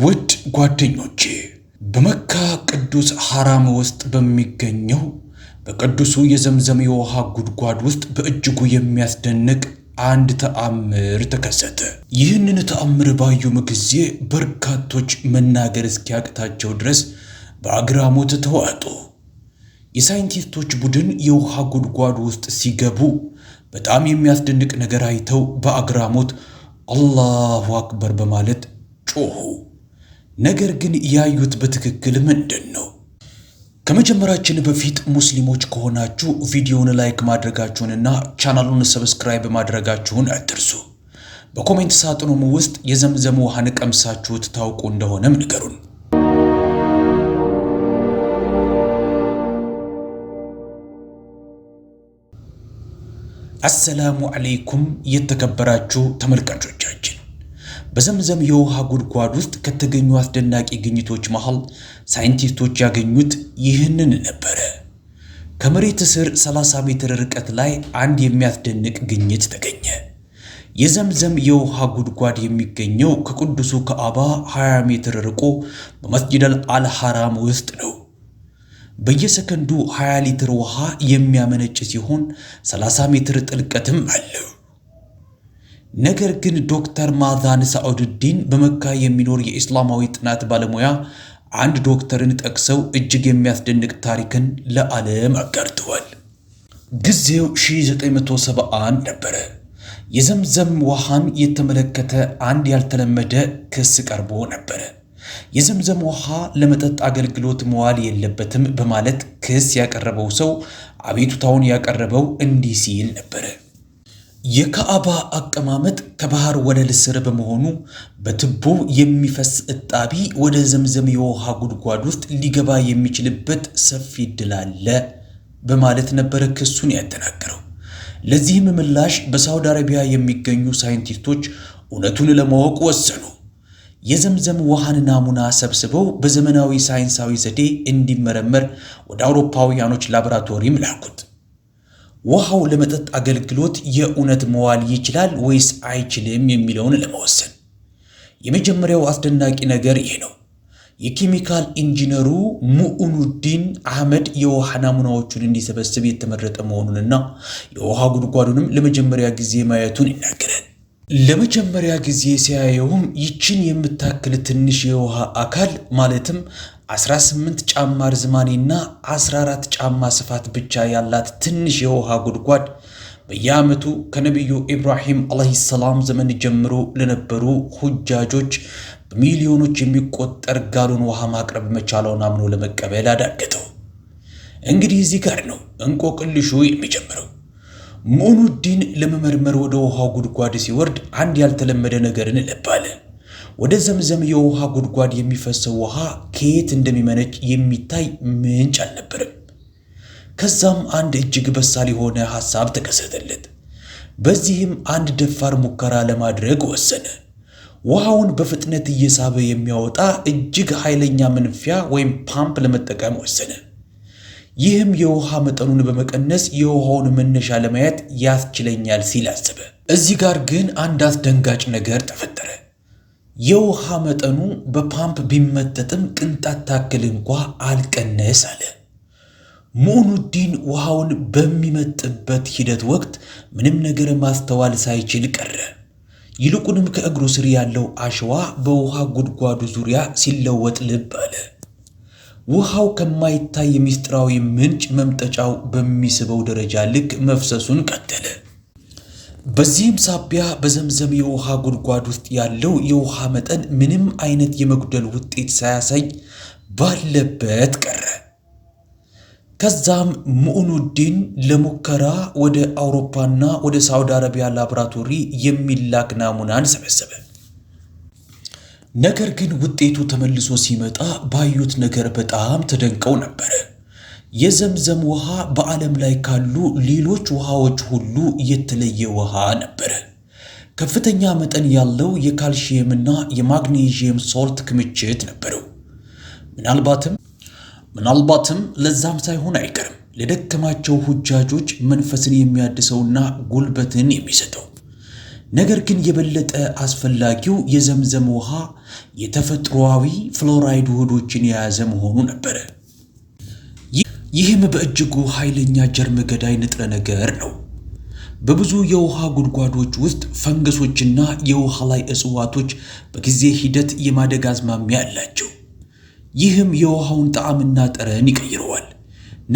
ውድ ጓደኞቼ በመካ ቅዱስ ሐራም ውስጥ በሚገኘው በቅዱሱ የዘምዘም የውሃ ጉድጓድ ውስጥ በእጅጉ የሚያስደንቅ አንድ ተአምር ተከሰተ። ይህንን ተአምር ባዩም ጊዜ በርካቶች መናገር እስኪያቅታቸው ድረስ በአግራሞት ተዋጡ። የሳይንቲስቶች ቡድን የውሃ ጉድጓድ ውስጥ ሲገቡ በጣም የሚያስደንቅ ነገር አይተው በአግራሞት አላሁ አክበር በማለት ጮኹ። ነገር ግን ያዩት በትክክል ምንድን ነው? ከመጀመራችን በፊት ሙስሊሞች ከሆናችሁ ቪዲዮውን ላይክ ማድረጋችሁንና ቻናሉን ሰብስክራይብ ማድረጋችሁን አትርሱ። በኮሜንት ሳጥኑም ውስጥ የዘምዘም ውሃን ቀምሳችሁት ታውቁ እንደሆነም ንገሩን። አሰላሙ አለይኩም የተከበራችሁ ተመልካቾች በዘምዘም የውሃ ጉድጓድ ውስጥ ከተገኙ አስደናቂ ግኝቶች መሃል ሳይንቲስቶች ያገኙት ይህንን ነበረ። ከመሬት ስር 30 ሜትር ርቀት ላይ አንድ የሚያስደንቅ ግኝት ተገኘ። የዘምዘም የውሃ ጉድጓድ የሚገኘው ከቅዱሱ ከአባ 20 ሜትር ርቆ በመስጂደል አልሐራም ውስጥ ነው። በየሰከንዱ 20 ሊትር ውሃ የሚያመነጭ ሲሆን 30 ሜትር ጥልቀትም አለው። ነገር ግን ዶክተር ማዛን ሳዑድዲን በመካ የሚኖር የኢስላማዊ ጥናት ባለሙያ አንድ ዶክተርን ጠቅሰው እጅግ የሚያስደንቅ ታሪክን ለዓለም አጋርተዋል። ጊዜው 1971 ነበረ። የዘምዘም ውሃን የተመለከተ አንድ ያልተለመደ ክስ ቀርቦ ነበረ። የዘምዘም ውሃ ለመጠጥ አገልግሎት መዋል የለበትም በማለት ክስ ያቀረበው ሰው አቤቱታውን ያቀረበው እንዲህ ሲል ነበረ። የካዕባ አቀማመጥ ከባህር ወለል ስር በመሆኑ በትቦ የሚፈስ እጣቢ ወደ ዘምዘም የውሃ ጉድጓድ ውስጥ ሊገባ የሚችልበት ሰፊ እድል አለ በማለት ነበረ ክሱን ያጠናከረው። ለዚህም ምላሽ በሳውዲ አረቢያ የሚገኙ ሳይንቲስቶች እውነቱን ለማወቅ ወሰኑ። የዘምዘም ውሃን ናሙና ሰብስበው በዘመናዊ ሳይንሳዊ ዘዴ እንዲመረመር ወደ አውሮፓውያኖች ላቦራቶሪም ላኩት። ውሃው ለመጠጥ አገልግሎት የእውነት መዋል ይችላል ወይስ አይችልም የሚለውን ለመወሰን የመጀመሪያው አስደናቂ ነገር ይህ ነው። የኬሚካል ኢንጂነሩ ሙኡኑዲን አህመድ የውሃ ናሙናዎቹን እንዲሰበስብ የተመረጠ መሆኑንና የውሃ ጉድጓዱንም ለመጀመሪያ ጊዜ ማየቱን ይናገራል። ለመጀመሪያ ጊዜ ሲያየውም ይችን የምታክል ትንሽ የውሃ አካል ማለትም 18 ጫማ ርዝማኔና 14 ጫማ ስፋት ብቻ ያላት ትንሽ የውሃ ጉድጓድ በየዓመቱ ከነቢዩ ኢብራሂም ዓለይሂ ሰላም ዘመን ጀምሮ ለነበሩ ሁጃጆች በሚሊዮኖች የሚቆጠር ጋሉን ውሃ ማቅረብ መቻለውን አምኖ ለመቀበል አዳገተው። እንግዲህ እዚህ ጋር ነው እንቆቅልሹ የሚጀምረው። ሙኑዲን ለመመርመር ወደ ውሃው ጉድጓድ ሲወርድ አንድ ያልተለመደ ነገርን ለባለ ወደ ዘምዘም የውሃ ጉድጓድ የሚፈሰው ውሃ ከየት እንደሚመነጭ የሚታይ ምንጭ አልነበርም። ከዛም አንድ እጅግ በሳል የሆነ ሐሳብ ተከሰተለት። በዚህም አንድ ደፋር ሙከራ ለማድረግ ወሰነ። ውሃውን በፍጥነት እየሳበ የሚያወጣ እጅግ ኃይለኛ መንፊያ ወይም ፓምፕ ለመጠቀም ወሰነ። ይህም የውሃ መጠኑን በመቀነስ የውሃውን መነሻ ለማየት ያስችለኛል ሲል አሰበ። እዚህ ጋር ግን አንድ አስደንጋጭ ነገር ተፈጠረ። የውሃ መጠኑ በፓምፕ ቢመጠጥም ቅንጣት ታክል እንኳ አልቀነስ አለ። ሙኑዲን ውሃውን በሚመጥበት ሂደት ወቅት ምንም ነገር ማስተዋል ሳይችል ቀረ። ይልቁንም ከእግሩ ስር ያለው አሸዋ በውሃ ጉድጓዱ ዙሪያ ሲለወጥ ልብ አለ። ውሃው ከማይታይ ምስጢራዊ ምንጭ መምጠጫው በሚስበው ደረጃ ልክ መፍሰሱን ቀጠለ። በዚህም ሳቢያ በዘምዘም የውሃ ጉድጓድ ውስጥ ያለው የውሃ መጠን ምንም አይነት የመጉደል ውጤት ሳያሳይ ባለበት ቀረ። ከዛም ሙዕኑዲን ለሙከራ ወደ አውሮፓና ወደ ሳውዲ አረቢያ ላቦራቶሪ የሚላክ ናሙናን ሰበሰበ። ነገር ግን ውጤቱ ተመልሶ ሲመጣ ባዩት ነገር በጣም ተደንቀው ነበረ። የዘምዘም ውሃ በዓለም ላይ ካሉ ሌሎች ውሃዎች ሁሉ የተለየ ውሃ ነበር። ከፍተኛ መጠን ያለው የካልሽየምና የማግኔዥየም ሶልት ክምችት ነበረው። ምናልባትም ምናልባትም ለዛም ሳይሆን አይቀርም ለደከማቸው ሁጃጆች መንፈስን የሚያድሰውና ጉልበትን የሚሰጠው ነገር ግን የበለጠ አስፈላጊው የዘምዘም ውሃ የተፈጥሮዊ ፍሎራይድ ውህዶችን የያዘ መሆኑ ነበረ። ይህም በእጅጉ ኃይለኛ ጀርም ገዳይ ንጥረ ነገር ነው። በብዙ የውሃ ጉድጓዶች ውስጥ ፈንገሶችና የውሃ ላይ እጽዋቶች በጊዜ ሂደት የማደግ አዝማሚያ አላቸው። ይህም የውሃውን ጣዕምና ጠረን ይቀይረዋል።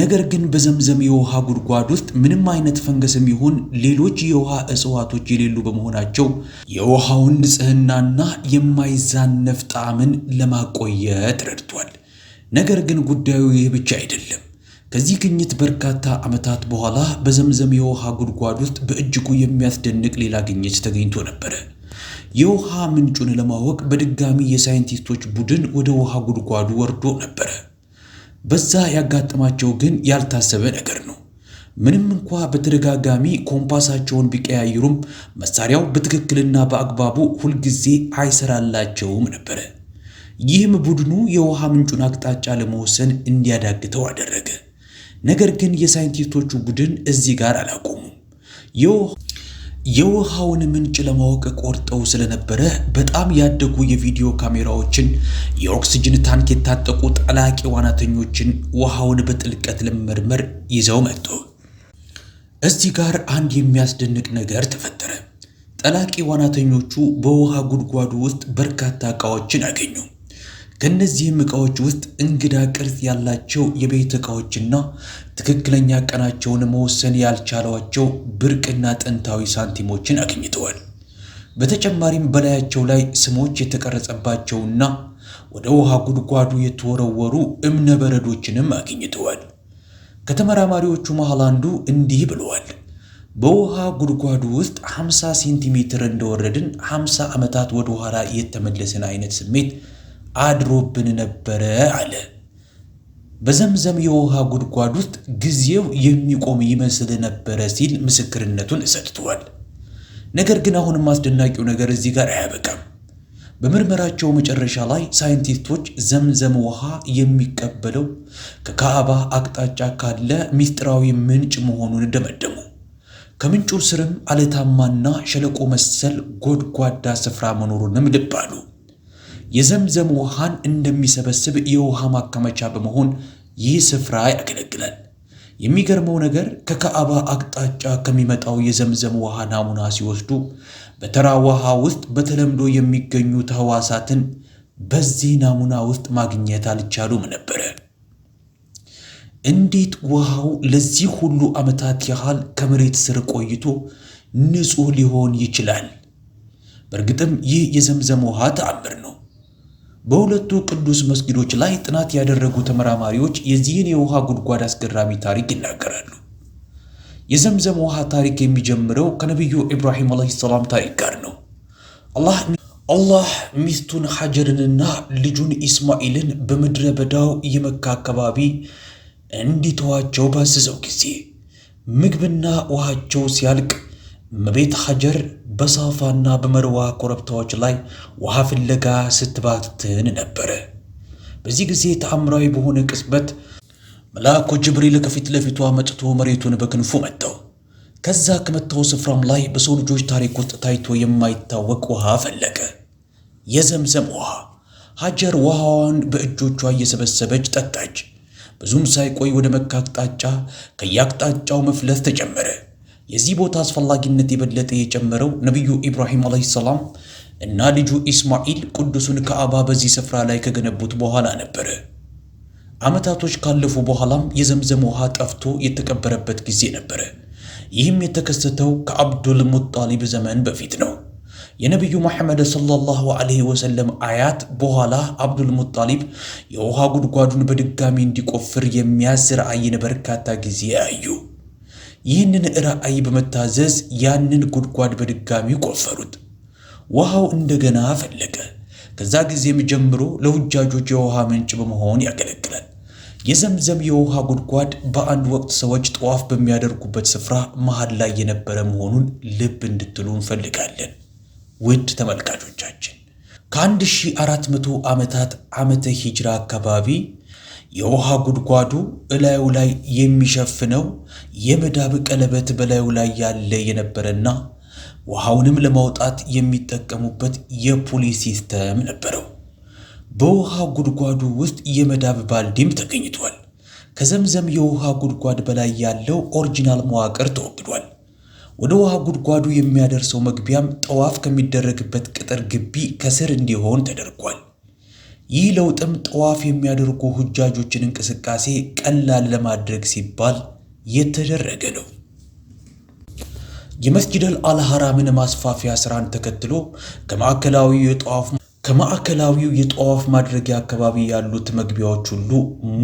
ነገር ግን በዘምዘም የውሃ ጉድጓድ ውስጥ ምንም አይነት ፈንገስም ይሁን ሌሎች የውሃ እጽዋቶች የሌሉ በመሆናቸው የውሃውን ንጽህናና የማይዛነፍ ጣዕምን ለማቆየት ረድቷል። ነገር ግን ጉዳዩ ይህ ብቻ አይደለም። ከዚህ ግኝት በርካታ ዓመታት በኋላ በዘምዘም የውሃ ጉድጓድ ውስጥ በእጅጉ የሚያስደንቅ ሌላ ግኝት ተገኝቶ ነበረ። የውሃ ምንጩን ለማወቅ በድጋሚ የሳይንቲስቶች ቡድን ወደ ውሃ ጉድጓዱ ወርዶ ነበረ። በዛ ያጋጠማቸው ግን ያልታሰበ ነገር ነው። ምንም እንኳ በተደጋጋሚ ኮምፓሳቸውን ቢቀያይሩም መሳሪያው በትክክልና በአግባቡ ሁልጊዜ አይሰራላቸውም ነበረ። ይህም ቡድኑ የውሃ ምንጩን አቅጣጫ ለመወሰን እንዲያዳግተው አደረገ። ነገር ግን የሳይንቲስቶቹ ቡድን እዚህ ጋር አላቆሙም። የውሃውን ምንጭ ለማወቅ ቆርጠው ስለነበረ በጣም ያደጉ የቪዲዮ ካሜራዎችን፣ የኦክስጅን ታንክ የታጠቁ ጠላቂ ዋናተኞችን ውሃውን በጥልቀት ለመመርመር ይዘው መጡ። እዚህ ጋር አንድ የሚያስደንቅ ነገር ተፈጠረ። ጠላቂ ዋናተኞቹ በውሃ ጉድጓዱ ውስጥ በርካታ ዕቃዎችን አገኙ። ከእነዚህም ዕቃዎች ውስጥ እንግዳ ቅርጽ ያላቸው የቤት ዕቃዎችና ትክክለኛ ቀናቸውን መወሰን ያልቻሏቸው ብርቅና ጥንታዊ ሳንቲሞችን አግኝተዋል። በተጨማሪም በላያቸው ላይ ስሞች የተቀረጸባቸውና ወደ ውሃ ጉድጓዱ የተወረወሩ እብነ በረዶችንም አግኝተዋል። ከተመራማሪዎቹ መሃል አንዱ እንዲህ ብለዋል። በውሃ ጉድጓዱ ውስጥ 50 ሴንቲሜትር እንደወረድን 50 ዓመታት ወደ ኋላ የተመለስን አይነት ስሜት አድሮብን ነበረ አለ። በዘምዘም የውሃ ጉድጓድ ውስጥ ጊዜው የሚቆም ይመስል ነበረ ሲል ምስክርነቱን ሰጥቷል። ነገር ግን አሁንም አስደናቂው ነገር እዚህ ጋር አያበቃም። በምርመራቸው መጨረሻ ላይ ሳይንቲስቶች ዘምዘም ውሃ የሚቀበለው ከካዕባ አቅጣጫ ካለ ሚስጥራዊ ምንጭ መሆኑን ደመደሙ። ከምንጩ ስርም አለታማና ሸለቆ መሰል ጎድጓዳ ስፍራ መኖሩንም ልብ አሉ። የዘምዘም ውሃን እንደሚሰበስብ የውሃ ማከማቻ በመሆን ይህ ስፍራ ያገለግላል። የሚገርመው ነገር ከካዕባ አቅጣጫ ከሚመጣው የዘምዘም ውሃ ናሙና ሲወስዱ በተራ ውሃ ውስጥ በተለምዶ የሚገኙ ተህዋሳትን በዚህ ናሙና ውስጥ ማግኘት አልቻሉም ነበረ። እንዴት ውሃው ለዚህ ሁሉ ዓመታት ያህል ከመሬት ስር ቆይቶ ንጹሕ ሊሆን ይችላል? በእርግጥም ይህ የዘምዘም ውሃ ተአምር ነው። በሁለቱ ቅዱስ መስጊዶች ላይ ጥናት ያደረጉ ተመራማሪዎች የዚህን የውሃ ጉድጓድ አስገራሚ ታሪክ ይናገራሉ። የዘምዘም ውሃ ታሪክ የሚጀምረው ከነቢዩ ኢብራሂም ዓለይሂ ሰላም ታሪክ ጋር ነው። አላህ ሚስቱን ሐጀርንና ልጁን ኢስማኤልን በምድረ በዳው የመካ አካባቢ እንዲተዋቸው ባዘዘው ጊዜ ምግብና ውሃቸው ሲያልቅ እመቤት ሀጀር በሳፋና በመርዋ ኮረብታዎች ላይ ውሃ ፍለጋ ስትባትትን ነበረ። በዚህ ጊዜ ተአምራዊ በሆነ ቅጽበት መልአኩ ጅብሪል ከፊት ለፊቷ መጥቶ መሬቱን በክንፉ መታው። ከዛ ከመታው ስፍራም ላይ በሰው ልጆች ታሪክ ውስጥ ታይቶ የማይታወቅ ውሃ ፈለቀ፣ የዘምዘም ውሃ። ሀጀር ውሃዋን በእጆቿ እየሰበሰበች ጠጣች። ብዙም ሳይቆይ ወደ መካ አቅጣጫ ከየአቅጣጫው መፍለስ ተጀመረ። የዚህ ቦታ አስፈላጊነት የበለጠ የጨመረው ነቢዩ ኢብራሂም ዓለይሂ ሰላም እና ልጁ ኢስማኤል ቅዱሱን ከአባ በዚህ ስፍራ ላይ ከገነቡት በኋላ ነበረ። ዓመታቶች ካለፉ በኋላም የዘምዘም ውሃ ጠፍቶ የተቀበረበት ጊዜ ነበረ። ይህም የተከሰተው ከአብዱል ሙጣሊብ ዘመን በፊት ነው። የነቢዩ መሐመድ ሰለላሁ ዐለይሂ ወሰለም አያት በኋላ አብዱል ሙጣሊብ የውሃ ጉድጓዱን በድጋሚ እንዲቆፍር የሚያዝ ራእይን በርካታ ጊዜ አዩ። ይህንን ራእይ በመታዘዝ ያንን ጉድጓድ በድጋሚ ቆፈሩት። ውሃው እንደገና ፈለቀ። ከዛ ጊዜም ጀምሮ ለውጃጆች የውሃ ምንጭ በመሆን ያገለግላል። የዘምዘም የውሃ ጉድጓድ በአንድ ወቅት ሰዎች ጠዋፍ በሚያደርጉበት ስፍራ መሃል ላይ የነበረ መሆኑን ልብ እንድትሉ እንፈልጋለን። ውድ ተመልካቾቻችን ከ1400 ዓመታት ዓመተ ሂጅራ አካባቢ የውሃ ጉድጓዱ እላዩ ላይ የሚሸፍነው የመዳብ ቀለበት በላዩ ላይ ያለ የነበረና ውሃውንም ለማውጣት የሚጠቀሙበት የፑሊ ሲስተም ነበረው። በውሃ ጉድጓዱ ውስጥ የመዳብ ባልዲም ተገኝቷል። ከዘምዘም የውሃ ጉድጓድ በላይ ያለው ኦሪጂናል መዋቅር ተወግዷል። ወደ ውሃ ጉድጓዱ የሚያደርሰው መግቢያም ጠዋፍ ከሚደረግበት ቅጥር ግቢ ከስር እንዲሆን ተደርጓል። ይህ ለውጥም ጠዋፍ የሚያደርጉ ሁጃጆችን እንቅስቃሴ ቀላል ለማድረግ ሲባል የተደረገ ነው። የመስጅደል አልሐራምን ማስፋፊያ ስራን ተከትሎ ከማዕከላዊው የጠዋፍ ማድረጊያ አካባቢ ያሉት መግቢያዎች ሁሉ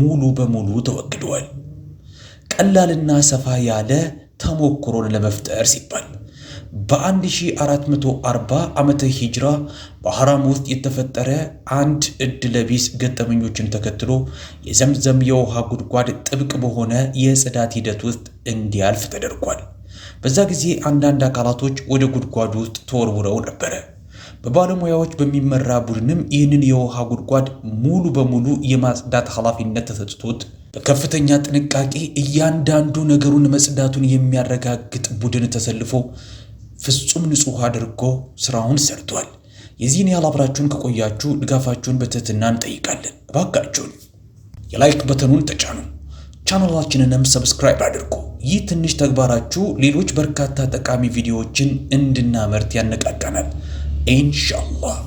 ሙሉ በሙሉ ተወግደዋል። ቀላልና ሰፋ ያለ ተሞክሮን ለመፍጠር ሲባል በ1440 ዓመተ ሂጅራ በሐራም ውስጥ የተፈጠረ አንድ ለቢስ ገጠመኞችን ተከትሎ የዘምዘም የውሃ ጉድጓድ ጥብቅ በሆነ የጽዳት ሂደት ውስጥ እንዲያልፍ ተደርጓል። በዛ ጊዜ አንዳንድ አካላቶች ወደ ጉድጓዱ ውስጥ ተወርውረው ነበረ። በባለሙያዎች በሚመራ ቡድንም ይህንን የውሃ ጉድጓድ ሙሉ በሙሉ የማጽዳት ኃላፊነት ተሰጥቶት በከፍተኛ ጥንቃቄ እያንዳንዱ ነገሩን መጽዳቱን የሚያረጋግጥ ቡድን ተሰልፎ ፍጹም ንጹህ አድርጎ ስራውን ሰርቷል። የዚህን ያህል አብራችሁን ከቆያችሁ ድጋፋችሁን በትህትና እንጠይቃለን። እባካችሁን የላይክ በተኑን ተጫኑ፣ ቻናላችንንም ሰብስክራይብ አድርጉ። ይህ ትንሽ ተግባራችሁ ሌሎች በርካታ ጠቃሚ ቪዲዮዎችን እንድናመርት ያነቃቃናል ኢንሻአላህ።